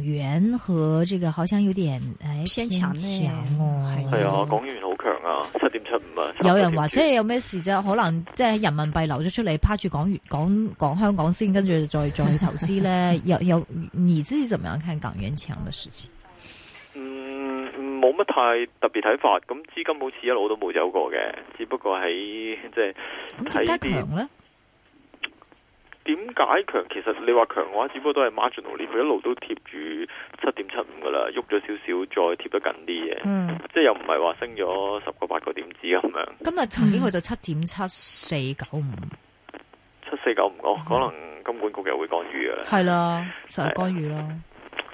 港元和這個好像有點誒偏強哦，係啊，港元好強啊，七點七五啊。有人話即係有咩事啫，可能即係人民幣流咗出嚟，趴住港元，港港香港先，跟住再再投資咧，又又你自己怎麼樣？看港元強嘅事情，嗯，冇乜太特別睇法。咁資金好似一路都冇走過嘅，只不過喺即係咁，太強啦。嗯點解強？其實你話強嘅話，只不過都係 marginal，佢一路都貼住七點七五噶啦，喐咗少少再貼得緊啲嘅，嗯、即係又唔係話升咗十個八個點子咁樣。今日曾經去到七點七四九五，七四九五，我、嗯、可能金管局又會干預啊，係啦，實係干預咯，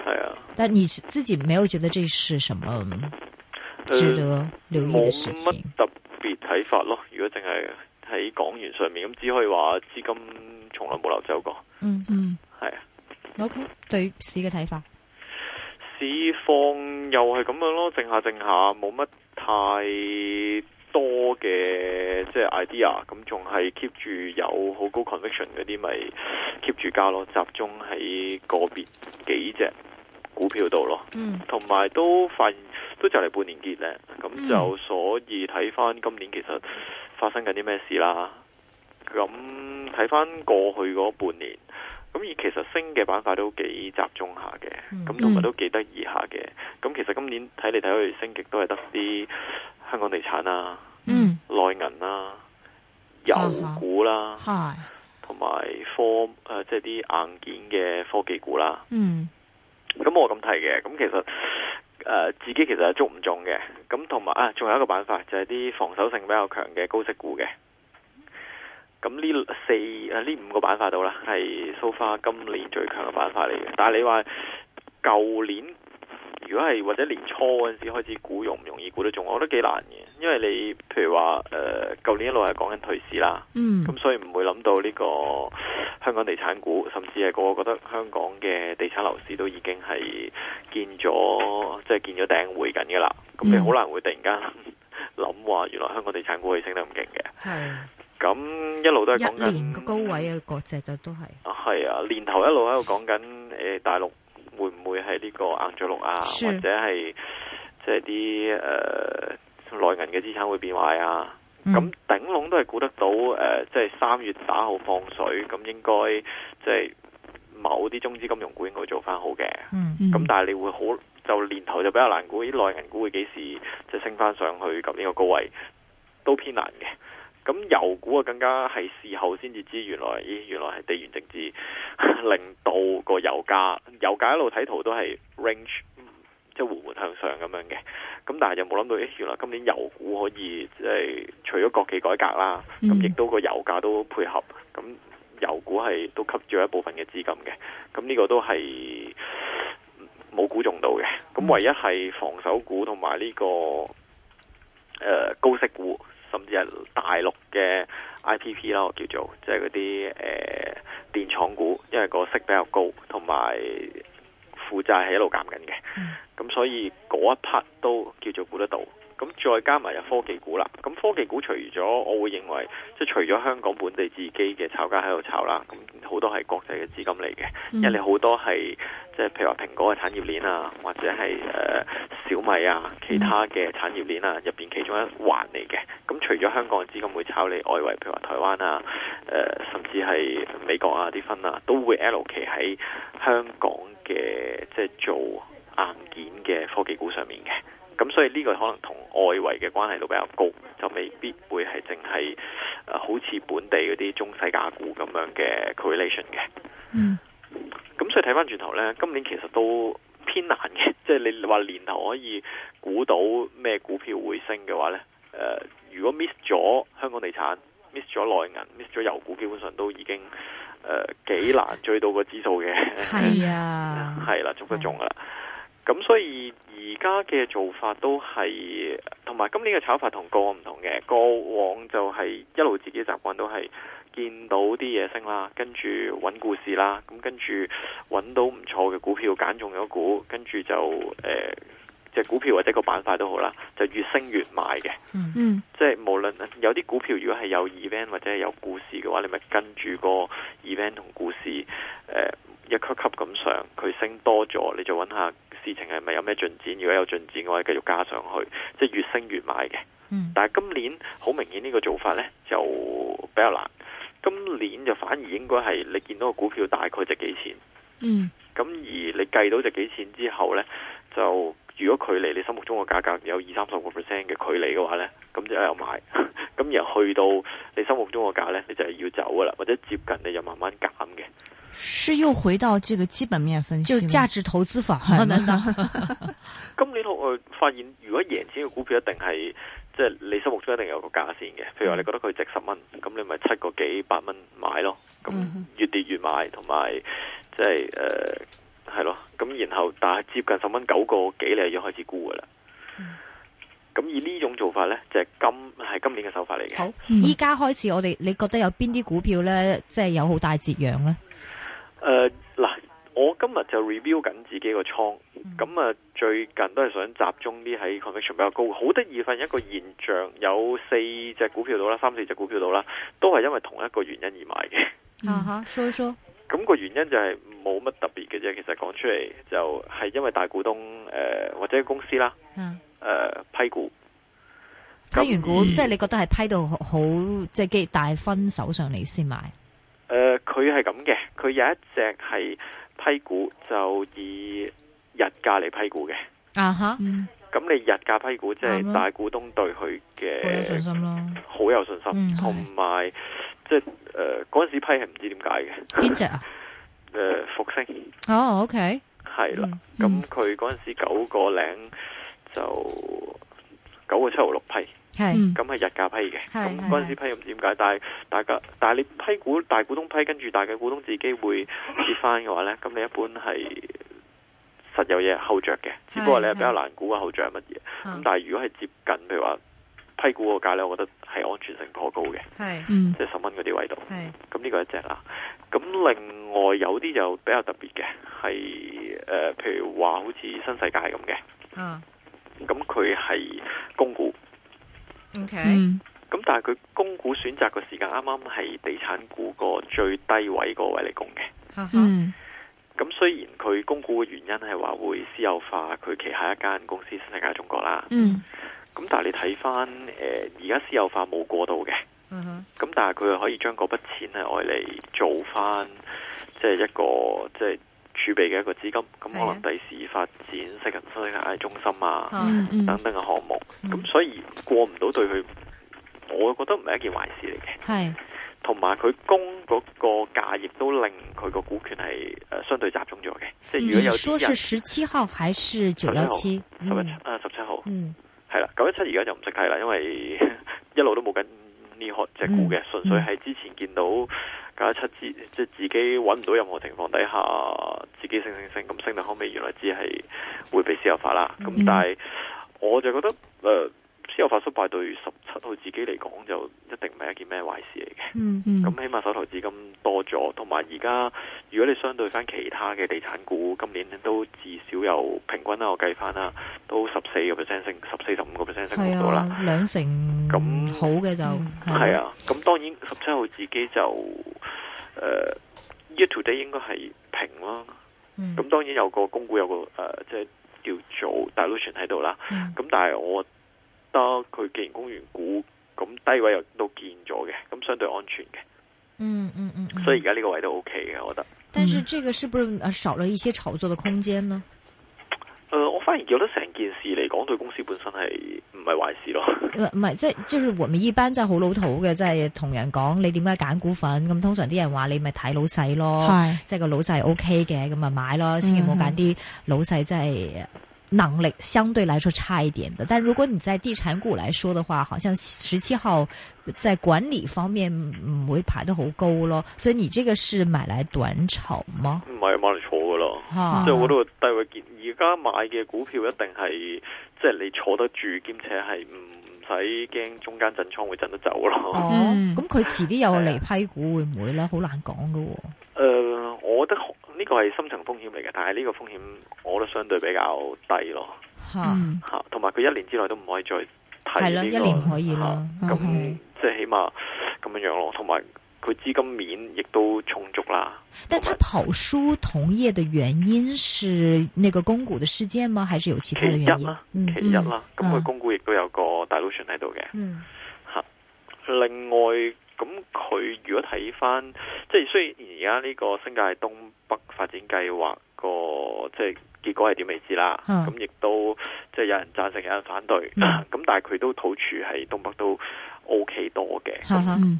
係啊。啊但你自己沒有覺得這是什麼值得留意的事情？冇乜、呃、特別睇法咯，如果淨係。喺港元上面，咁只可以話資金從來冇流走過。嗯嗯，係、嗯、啊。OK，對市嘅睇法，市況又係咁樣咯，靜下靜下，冇乜太多嘅即係 idea，咁仲係 keep 住有好高 conviction 嗰啲，咪 keep 住加咯，集中喺個別幾隻股票度咯。嗯，同埋都發現都就嚟半年結咧，咁、嗯、就所以睇返今年其實。發生緊啲咩事啦？咁睇翻過去嗰半年，咁而其實升嘅板塊都幾集中下嘅，咁同埋都幾得意下嘅。咁、嗯、其實今年睇嚟睇去升極都係得啲香港地產啦、啊、內銀啦、油股啦、啊，同埋科即係啲硬件嘅科技股啦、啊。嗯，咁我咁睇嘅，咁其實。誒、呃，自己其實係捉唔中嘅，咁同埋啊，仲有一個板塊就係、是、啲防守性比較強嘅高息股嘅，咁呢四誒呢、啊、五個板塊度啦，係 so far 今年最強嘅板塊嚟嘅，但係你話舊年。如果係或者年初嗰陣時開始估容唔容易估得中，我覺得幾難嘅，因為你譬如話誒，舊、呃、年一路係講緊退市啦，咁、嗯、所以唔會諗到呢個香港地產股，甚至係個個覺得香港嘅地產樓市都已經係見咗，即係見咗頂回緊嘅啦，咁、嗯、你好難會突然間諗話原來香港地產股可以升得咁勁嘅，係咁是一路都係講緊年高位嘅國際就都係係啊，年頭一路喺度講緊誒大陸。係呢個硬着陸啊，或者係即係啲誒內銀嘅資產會變壞啊。咁頂籠都係估得到誒，即係三月打後放水，咁應該即係某啲中資金融股應該做翻好嘅。咁、嗯嗯、但係你會好就年頭就比較難估，啲內銀股會幾時即係升翻上去，咁呢個高位都偏難嘅。咁油股啊，更加係事後先至知道原來，欸，原來係，咦，原來係地緣政治令到個油價，油價一路睇圖都係 range，即係緩緩向上咁樣嘅。咁但係又冇諗到，咦，欸，原來今年油股可以即係、就是、除咗國企改革啦，咁亦、嗯、都個油價都配合，咁油股係都吸住一部分嘅資金嘅。咁呢個都係冇估中到嘅。咁唯一係防守股同埋呢個，誒、呃，高息股。甚至係大陸嘅 IPP 啦，叫做即係嗰啲誒電廠股，因為個息比較高，同埋負債係一路減緊嘅，咁、嗯、所以嗰一 part 都叫做估得到。咁再加埋又科技股啦，咁科技股除咗，我會認為即係除咗香港本地自己嘅炒家喺度炒啦，咁好多係國際嘅資金嚟嘅，mm. 因為你好多係即係譬如話蘋果嘅產業鏈啊，或者係誒小米啊，其他嘅產業鏈啊入邊其中一環嚟嘅。咁除咗香港嘅資金會炒你，外圍譬如話台灣啊，誒甚至係美國啊啲分啊，都會 L K 喺香港嘅即係做硬件嘅科技股上面嘅。咁所以呢個可能同外圍嘅關係都比較高，就未必會係淨係好似本地嗰啲中細價股咁樣嘅 correlation 嘅。嗯。咁所以睇返轉頭呢，今年其實都偏難嘅。即係你話年頭可以估到咩股票會升嘅話呢，呃、如果 miss 咗香港地產，miss 咗內銀，miss 咗油股，基本上都已經幾、呃、難追到個指數嘅。係啊。係啦， 捉不中啦。咁所以而家嘅做法都係，同埋今年嘅炒法同過往唔同嘅。過往就係一路自己習慣都係見到啲嘢升啦，跟住揾故事啦，咁跟住揾到唔錯嘅股票揀中咗股，跟住就、呃即股票或者個板塊都好啦，就越升越買嘅。嗯嗯，即係無論有啲股票如果係有 event 或者係有故事嘅話，你咪跟住個 event 同故事，誒、呃、一級級咁上，佢升多咗，你就揾下事情係咪有咩進展。如果有進展嘅話，繼續加上去，即係越升越買嘅。嗯，但係今年好明顯呢個做法咧就比較難。今年就反而應該係你見到個股票大概值幾錢。嗯，咁而你計到值幾錢之後咧就。如果距離你心目中嘅價格有二三十個 percent 嘅距離嘅話呢，咁就有買，咁然後去到你心目中個價呢，你就係要走㗎喇，或者接近你就慢慢減嘅。是又回到這個基本面分析，就價值投資法。今年我發現，如果贏錢嘅股票一定係，即係你心目中一定有個價線嘅。譬如話，你覺得佢值十蚊，咁你咪七個幾百蚊買咯。咁越跌越買，同埋即係誒。呃係咯，咁然後但係接近十蚊九個幾，你係要開始沽噶啦。咁以呢種做法呢，就係、是、今係今年嘅手法嚟嘅。好，依家開始我哋，嗯、你覺得有邊啲股票呢？即、就、係、是、有好大折讓呢？誒、呃，嗱，我今日就 review 緊自己個倉，咁啊、嗯，最近都係想集中啲喺 conversion 比較高。好得意，發現一個現象，有四隻股票到啦，三四隻股票到啦，都係因為同一個原因而買嘅。啊哈、嗯，所以說。咁個原因就係冇乜特別嘅啫，其實講出嚟就係因為大股東誒、呃、或者公司啦，誒、呃、批股批完股，即係你覺得係批到好即係、就是、大分手上嚟先買？誒、呃，佢係咁嘅，佢有一隻係批股就以日價嚟批股嘅。啊哈！咁、嗯、你日價批股即係、嗯、大股東對佢嘅好有信心咯，好有信心，同埋、嗯。有即係誒，嗰陣時批係唔知點解嘅。邊隻啊？誒，復星。哦，OK。係啦，咁佢嗰陣時九個零就九個七毫六批，係咁係日價批嘅。咁嗰陣時批唔知點解，但係大家但係你批股大股東批，跟住大嘅股東自己會接翻嘅話咧，咁你一般係實有嘢後着嘅，只不過你係比較難估個後著乜嘢。咁但係如果係接近，譬如話。批股個價咧，我覺得係安全性頗高嘅，係，即係十蚊嗰啲位度，係，咁呢個一隻啦，咁另外有啲就比較特別嘅，係誒、呃，譬如話好似新世界係咁嘅，嗯，咁佢係供股，O K，咁但係佢供股選擇嘅時間啱啱係地產股個最低位個位嚟供嘅，啊哈，嗯，咁雖然佢供股嘅原因係話會私有化佢旗下一間公司新世界中國啦，嗯。咁但係你睇翻，誒而家私有化冇過到嘅，咁但係佢又可以將嗰筆錢係我嚟做翻，即係一個即係儲備嘅一個資金，咁可能第時發展私人中心啊等等嘅項目，咁所以過唔到對佢，我覺得唔係一件壞事嚟嘅。係，同埋佢供嗰個價，亦都令佢個股權係相對集中咗嘅。即係如果有說是十七號還是九幺七？十七號，啊十七號。嗯。係啦，九一七而家就唔識睇啦，因為一路都冇緊呢個隻股嘅，純、嗯、粹係之前見到九一七之，即係自己搵唔到任何情況底下自己升升升，咁升到後尾原來只係會被私有化啦。咁但係我就覺得誒。嗯呃之後我發叔敗對十七號自己嚟講就一定唔係一件咩壞事嚟嘅。咁、嗯嗯、起碼手頭資金多咗，同埋而家如果你相對翻其他嘅地產股，今年都至少有平均啦，我計翻啦，都十四個 percent 升，十四十五個 percent 升咁多啦，兩成咁好嘅就係啊，咁當然十七號自己就誒，year、呃、to date 應該係平咯，咁、嗯、當然有個供股有個誒，即、呃、係、就是、叫做 dilution 喺度啦，咁、嗯、但係我。佢既然供完股，咁低位又都見咗嘅，咁相對安全嘅、嗯。嗯嗯嗯，嗯，所以而家呢個位都 OK 嘅，我覺得。但是這個是不是少了一些炒作嘅空間呢？誒、嗯，我反而覺得成件事嚟講，對公司本身係唔係壞事咯。唔係、呃，即係即係我咪依班真係好老土嘅，即係同人講你點解揀股份，咁通常啲人話你咪睇老細咯，即係個老細 OK 嘅，咁咪買咯，千祈唔好揀啲老細真係。能力相對來說差一點嘅，但如果你在地產股來說嘅話，好像十七號在管理方面唔會排得好高咯。所以你這個是買來短炒嗎？唔係買嚟坐噶咯，即係、啊、我都帶位而家買嘅股票一定係即係你坐得住，兼且係唔使驚中間震倉會震得走咯。哦、啊，咁佢遲啲有離批股、嗯、會唔會咧？好難講噶。誒、呃。我覺得呢個係深層風險嚟嘅，但係呢個風險我覺得相對比較低咯。吓吓、嗯，同埋佢一年之內都唔可以再睇呢，這個吓，咁即係起碼咁樣樣咯。同埋佢資金面亦都充足啦。但係他跑輸同業的原因是那個供股嘅事件嗎？還是有其他的原因？其一啦，咁佢供股亦都有一個大 loss 喺度嘅。嗯、吓、啊，另外。咁佢如果睇翻，即係雖然而家呢個新界東北發展計劃個即係結果係點未知啦。咁亦的都即係有人贊成，有人反對。咁、嗯、但係佢都土處喺東北都 O、OK、K 多嘅。咁的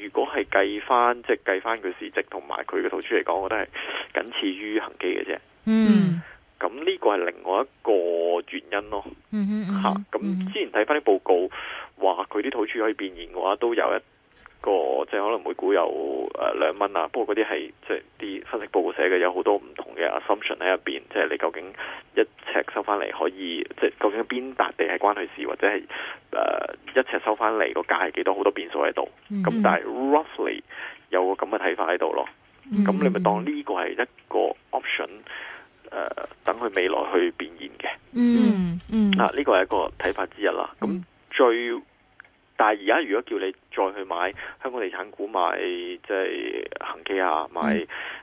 如果係計翻，即係計翻佢市值同埋佢嘅土處嚟講，我覺得係僅次於恒基嘅啫。嗯，咁呢個係另外一個原因咯。吓咁、嗯嗯嗯啊、之前睇翻啲報告，話佢啲土處可以變現嘅話，都有一。個即係可能每股有誒兩蚊啊，不過嗰啲係即係啲分析報告寫嘅，有好多唔同嘅 assumption 喺入邊，即、就、係、是、你究竟一尺收翻嚟可以，即係究竟邊笪地係關佢事，或者係誒、呃、一尺收翻嚟個價係幾多，好多變數喺度。咁、mm hmm. 但係 roughly 有個咁嘅睇法喺度咯。咁、mm hmm. 你咪當呢個係一個 option 誒、呃，等佢未來去變現嘅。嗯嗯。嗱，呢個係一個睇法之一啦。咁最。但係而家如果叫你再去買香港地產股，買即係恒基啊，買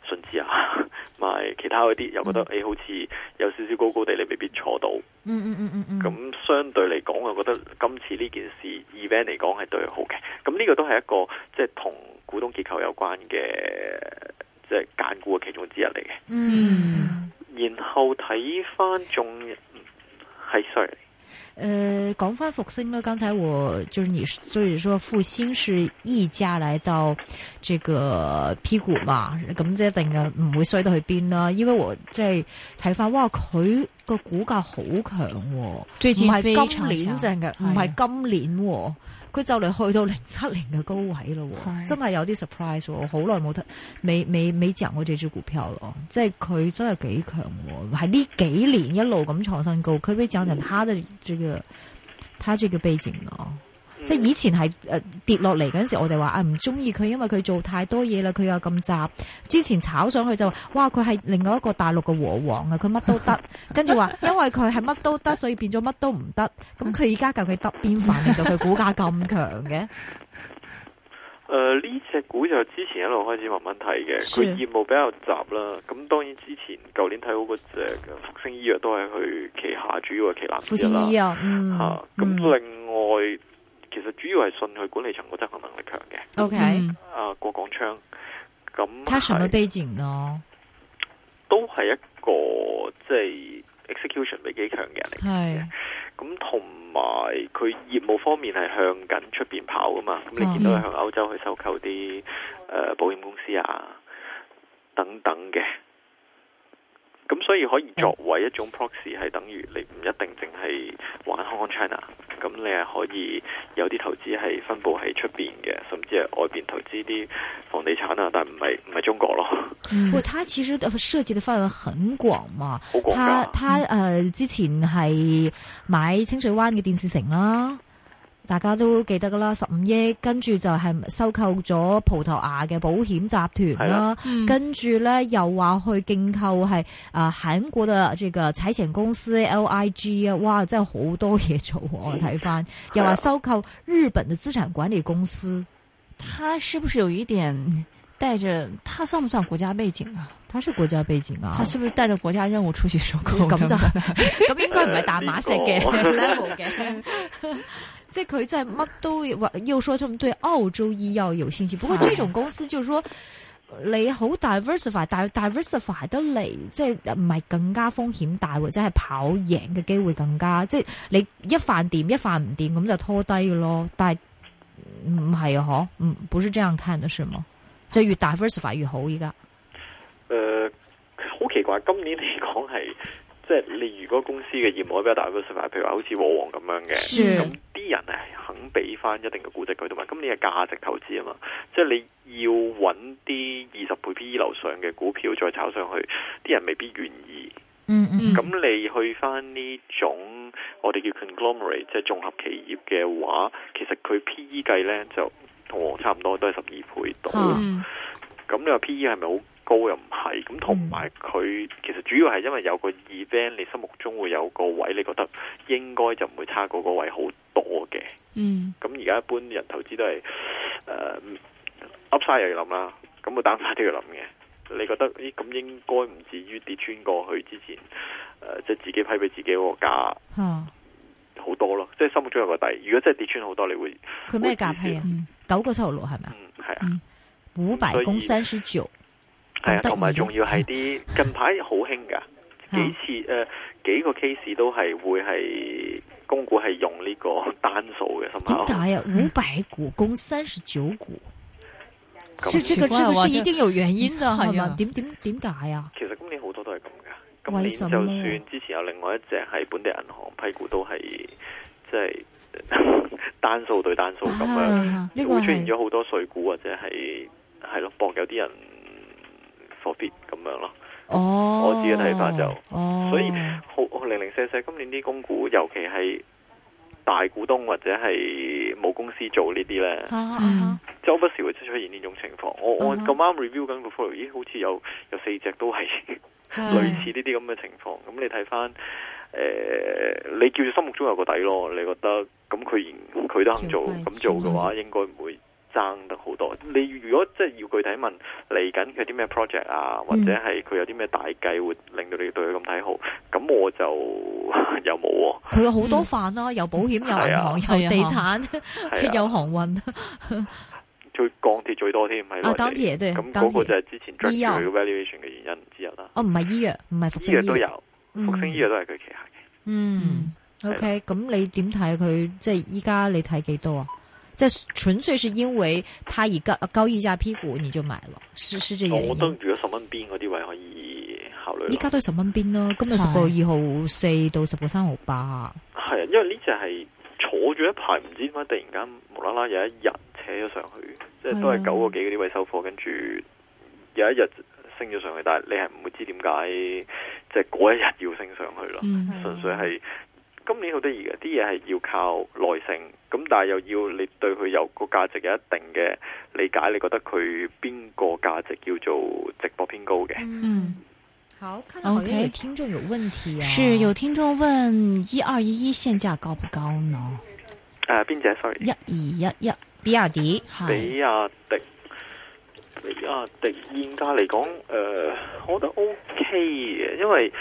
順治啊，買其他嗰啲，又覺得誒、嗯欸、好似有少少高高地，你未必坐到。嗯嗯嗯嗯嗯。咁、嗯嗯嗯、相對嚟講，我覺得今次呢件事、嗯、event 嚟講係對佢好嘅。咁呢個都係一個即係同股東結構有關嘅，即係揀股嘅其中之一嚟嘅。嗯。然後睇翻仲係 sorry 誒，講返復星啦，剛才我就是你，所以說復星是一家嚟到這個 P 股嘛，咁即一定唔會衰到去邊啦，因為我即係睇翻，哇佢個股價好強，唔係今年正嘅，唔係、哎、呀今年、哦。佢就嚟去到零七年嘅高位咯，是真係有啲 surprise，我好耐冇睇，未未未講過這支股票咯，即係佢真係幾強，喺呢幾年一路咁創新高。可唔可以講講他的這個，他、哦、這個背景啊？即係以前係誒、呃、跌落嚟嗰陣時，我哋話啊唔中意佢，因為佢做太多嘢啦，佢又咁雜。之前炒上去就話，哇佢係另外一個大陸嘅和黃啊，佢乜都得。 跟住話，因為佢係乜都得，所以變咗乜都唔得。咁佢而家究竟得邊份令到佢股價咁強嘅？誒呢隻股就之前一路開始慢慢睇嘅，佢是業務比較雜啦。咁當然之前舊年睇好嗰隻復星醫藥都係去旗下主要嘅旗艦股，復星醫藥，吓咁、啊嗯啊、另外。嗯其實主要係信佢管理層個執行能力強嘅。O Okay . K，、嗯、啊郭廣昌咁，他什麼背景呢、啊？都係一個即係 execution 比較強嘅人嚟嘅。咁同埋佢業務方面係向緊出邊跑噶嘛？咁你見到佢向歐洲去收購啲誒保險公司啊等等嘅。咁、嗯、所以可以作為一種 proxy，係等於你唔一定淨係玩 Hong Kong China，咁你係可以有啲投資係分布喺出邊嘅，甚至係外邊投資啲房地產啊，但唔係唔係中國咯。唔、嗯，佢其實設計嘅範圍很廣嘛，好廣，他他誒之前係買清水灣嘅電視城啦、啊。大家都記得噶啦，十五億。跟住就係收購咗葡萄牙嘅保險集團啦，的跟住咧、嗯、又話去競購係誒韓國嘅這個財險公司 LIG 啊，IG，哇，真係好多嘢做。我睇翻，又話收購日本嘅資產管理公司，他是不是有一點帶着？他算唔算國家背景啊？他是國家背景啊？他是不是帶着國家任務出去收購？咁就咁 應該唔係大馬石嘅 level 嘅。即係佢真係乜都又又說，佢對澳洲醫藥有興趣。不過，呢種公司就是說，你好 diversify，diversify 得嚟，即係唔係更加風險大，或者係跑贏嘅機會更加。即係你一犯掂，一犯唔掂，咁就拖低噶咯。但係唔係啊，嗬，唔不是這樣看的，是嗎？即係越 diversify 越好，而家、呃。誒，好奇怪，今年嚟講係。即係你如果公司嘅業務比較大、versatile 譬如話好似和黃咁樣嘅，咁啲、嗯嗯嗯、人係肯俾翻一定嘅估值佢，同埋咁你係價值投資啊嘛。即係你要揾啲二十倍 PE 樓上嘅股票再炒上去，啲人未必願意。咁、嗯嗯、你去翻呢種我哋叫 conglomerate，即係綜合企業嘅話，其實佢 PE 計呢就同和黃差唔多都是12，都係十二倍到。咁你話 PE 係咪好？高又唔係咁，同埋佢其實主要係因為有個 event，你心目中會有個位，你覺得應該就唔會差嗰個位好多嘅。嗯，咁而家一般人投資都係、呃、Upside 又要諗啦，咁個 Downside 都要諗嘅。你覺得咦？咁、欸、應該唔至於跌穿過去之前即係、呃、自己批俾自己嗰個價，好多咯，即係、啊、心目中有個底。如果真係跌穿好多，你會佢咩價批啊？九個七毫六係咪、嗯、啊？係啊、嗯，五百公三十九。嗯係啊，同埋仲要係啲近排好興噶幾次誒、呃，幾個 case 都係會係供股係用呢個單數嘅，點解啊？五百股，供三十九股，這那這個個，怪個是一定有原因㗎。係嘛者？點點點解啊？其實今年好多都係咁噶，今年就算之前有另外一隻係本地銀行批股都，都係即係單數對單數咁樣，啊、會出現咗好多碎股或者係係咯搏，啊、博有啲人。咁樣咯？Oh, 我自己睇法就，oh. 所以好,好零零四舍。今年啲公股，尤其係大股東或者係母公司做呢啲咧，uh huh. 就我不時會出現呢種情況。我我咁啱 review 緊個 follow，咦，好似有有四隻都係、uh huh. 類似呢啲咁嘅情況。咁 Yeah. 你睇翻，誒、呃，你叫做心目中有個底咯。你覺得咁佢然佢都肯做，咁做嘅話，應該唔會。爭得好多，你如果即係要具體問嚟緊佢啲咩 project 啊，或者係佢有啲咩大計會令到你對佢咁睇好，咁我就又冇喎。佢好多飯咯，有保險，有銀行，有地產，有航運，最鋼鐵最多添，係咯。鋼鐵對咁嗰個就係之前最貴嘅 valuation 嘅原因之一啦。哦，唔係醫藥，唔係復星醫藥都有，復星醫藥都係佢旗下嘅。嗯，OK，咁你點睇佢？即係依家你睇幾多啊？即係純粹是因為佢以高高溢價批股，你就買了，是是這原因。哦、我覺得如果十蚊邊嗰啲位可以考慮。依家都係十蚊邊咯，今日十個二號四到十個三號八。係啊，因為呢隻係坐住一排，唔知點解突然間無啦啦有一日扯咗上去，即係都係九個幾嗰啲位收貨，跟住有一日升咗上去，但係你係唔會知點解，即係嗰一日要升上去咯，純、嗯、粹係。今年好得意嘅，啲嘢係要靠耐性，咁但係又要你對佢有個價值嘅一定嘅理解，你覺得佢邊個價值叫做直播偏高嘅？嗯，好，看到好有聽眾有問題啊，OK. 是有聽眾問一二一一現價高唔高呢？誒、uh，邊隻？sorry，一二一一比亞迪，比亞迪，比亞迪，現價嚟講，誒，我覺得 OK 嘅，因為。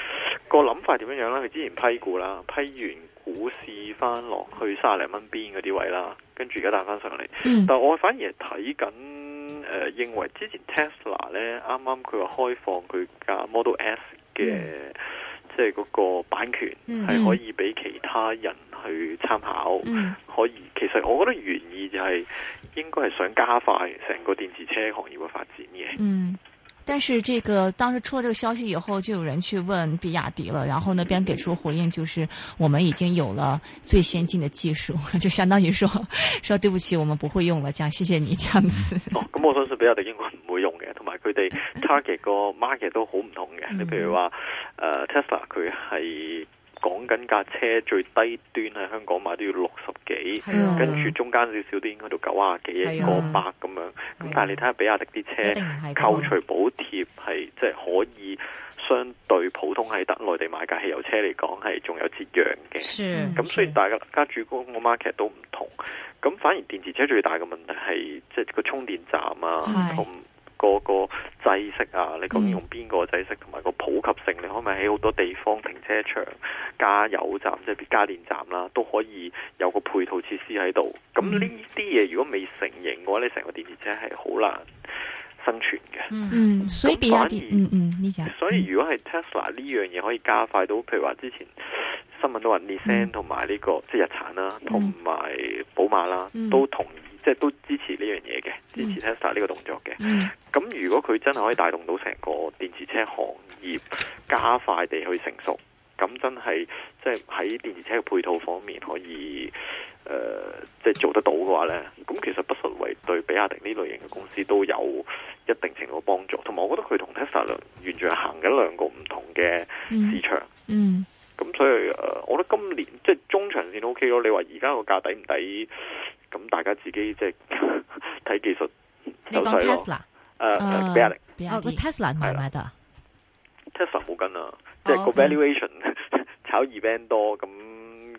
個諗法點樣樣啦？佢之前批股啦，批完股市翻落去卅零蚊邊嗰啲位啦，跟住而家彈翻上嚟。嗯、但我反而係睇緊誒，認為之前 Tesla 咧，啱啱佢話開放佢架 Model S 嘅，即係嗰個版權係、嗯、可以俾其他人去參考。嗯、可以，其實我覺得原意就係應該係想加快成個電池車行業嘅發展嘅。嗯但是這個當時出了這個消息以後，就有人去問比亞迪了，然後那邊、嗯、給出回應，就是我們已經有了最先進的技術，就相當於說，說對不起，我們不會用了，這樣，謝謝你這樣子。哦，咁我相信比亞迪應該唔會用嘅，同埋佢哋 target 個 market 都好唔同嘅，你譬如話，誒 Tesla 佢係，講緊架車最低端喺香港買都要六十幾，啊、跟住中間少少啲應該到九啊幾、個百咁樣。咁、啊、但係你睇下比亞迪啲車扣除補貼係，即係可以相對普通喺得內地買架汽油車嚟講係仲有折讓嘅。咁、嗯、雖然大家關注嗰個 market 都唔同。咁反而電池車最大嘅問題係即係個充電站啊，是同。個個制式啊，你究竟用邊個制式，同埋個普及性，你可唔可以喺好多地方停車場、加油站即係加電站啦，都可以有個配套設施喺度？咁呢啲嘢如果未成型嘅話，你成個電池車係好難生存嘅、嗯嗯。嗯，所以反而，嗯所以如果係 Tesla 呢樣嘢可以加快到，譬如話之前。新聞都話，Nissan 同埋、這、呢個、嗯、即係日產啦，同埋寶馬啦，嗯、都同意即係、就是、都支持呢樣嘢嘅，嗯、支持 Tesla 呢個動作嘅。咁、嗯、如果佢真係可以帶動到成個電池車行業加快地去成熟，咁真係即係喺電池車嘅配套方面可以，誒即係做得到嘅話呢，咁其實不純為對比亞迪呢類型嘅公司都有一定程度嘅幫助。同埋我覺得佢同 Tesla 完全係行緊兩個唔同嘅市場。嗯。嗯。咁所以，誒，我覺得今年即係中長線 O K 咯。你話而家個價抵唔抵？咁大家自己即係睇技術，你當 Tesla，誒 Tesla 買買得？Tesla 冇跟啊，即係、oh, okay. 個 valuation 呵呵炒 event 多，咁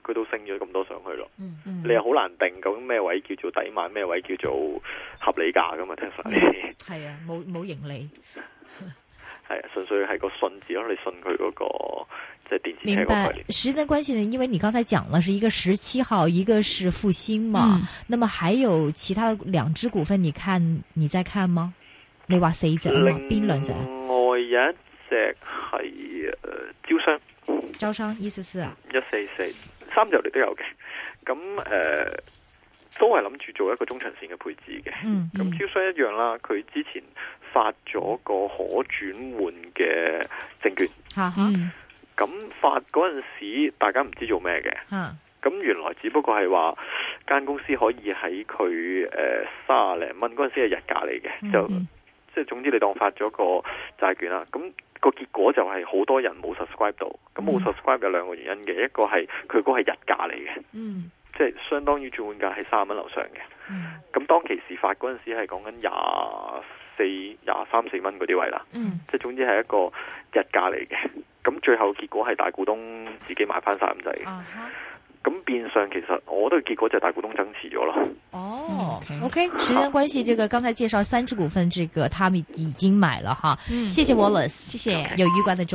佢都升咗咁多上去咯。Mm hmm. 你又好難定，究竟咩位置叫做抵買，咩位置叫做合理價㗎嘛 Tesla 係啊，冇、huh. 冇 盈利。 係純粹係個信字咯，你信佢嗰、那個即係、就是、電視嘅概念。明白，時間關係呢？因為你剛才講啦，是一個十七號，一個是復興嘛。嗯、那麼還有其他兩支股份，你看你在看嗎？你話四隻嘛？邊兩隻？另外一隻係誒招商，招商一四四，一四四三隻你都有嘅。咁誒。呃都係諗住做一個中長線嘅配置嘅，咁、嗯嗯、超商一樣啦，佢之前發咗個可轉換嘅證券，咁、嗯、發嗰陣時，大家唔知做咩嘅，咁、嗯、原來只不過係話間公司可以喺佢誒卅零蚊嗰陣時係日價嚟嘅，嗯、就即係、嗯、總之你當發咗個債券啦，咁、咁個結果就係好多人冇 subscribe 到，咁冇 subscribe 有兩個原因嘅，嗯、一個係佢嗰係日價嚟嘅。嗯即係相當於轉換價係三十蚊樓上嘅，咁、嗯、當其時發嗰陣時係講緊廿四廿三四蚊嗰啲位啦，嗯、即係總之係一個溢價嚟嘅，咁最後結果係大股東自己買翻晒咁滯，咁變相其實，我覺得結果就係大股東增持咗咯。哦、oh，OK，時間關係，這個剛才介紹三隻股份，這個他們已經買了哈，謝謝 Wallace，謝謝有愉快的中。